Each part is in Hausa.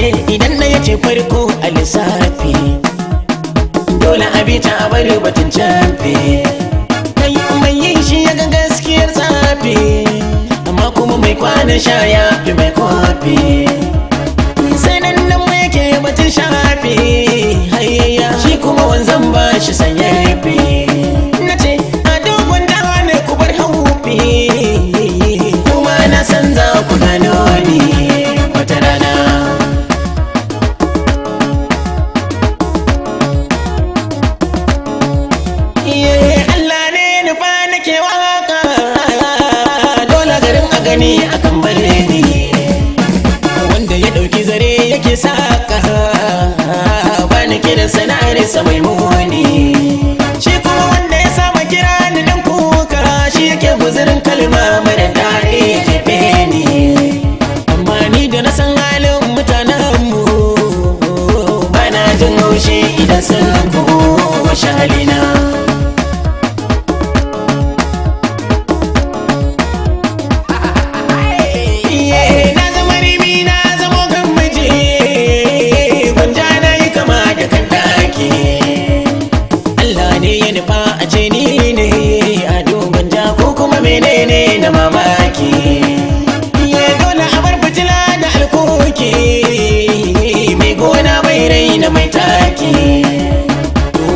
ce idan na yace farko a lissafi dole a abita a bari batun canfe kai mai yin shi ya ga gaskiyar zafi amma kuma mai kwana sha ya fi mai kwafi magani akan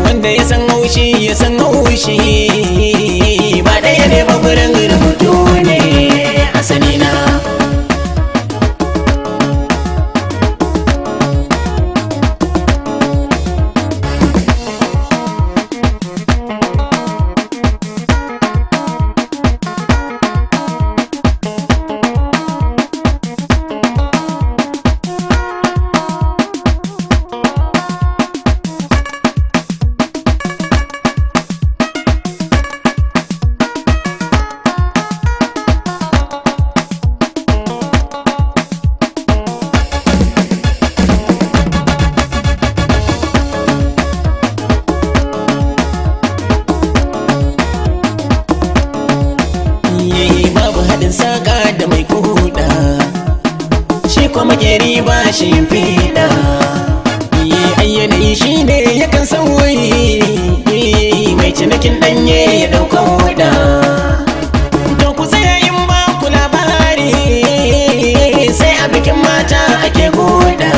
wanda ya san haushi ya san haushi shimfiɗa Ayyana shi ne yakan sauyi mai cinikin ɗanye ya ɗauka wuda don ku in ba ku labari sai a bikin mata ake guda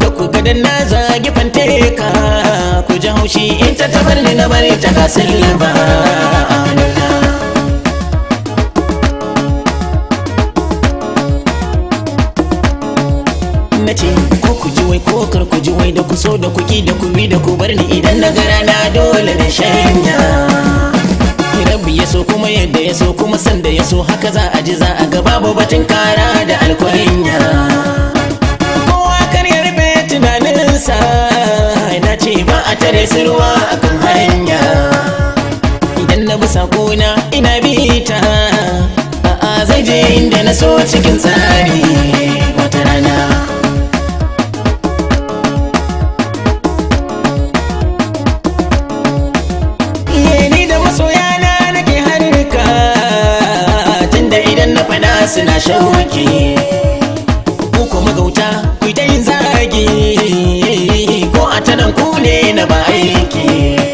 da ku gadan na zagi fanteka ku ji haushi in ta tabar ni na bari ta gasar ba ce ko ku ji wai ko kar ku ji wai da ku so da ku ki da ku bi da ku bar ni idan na gara na dole na shanya rabbi ya so kuma yadda ya so kuma sanda ya so haka za a ji za a ga babu batun kara da alkwarinya kowa kan ya rufe tunaninsa na ce ba a tare su ruwa akan hanya idan na bi sakona ina bi ta a'a zai je inda na so cikin tsari suna shan ku ko gauta ku ta yin zagi ko a tanan ku ne na ba aiki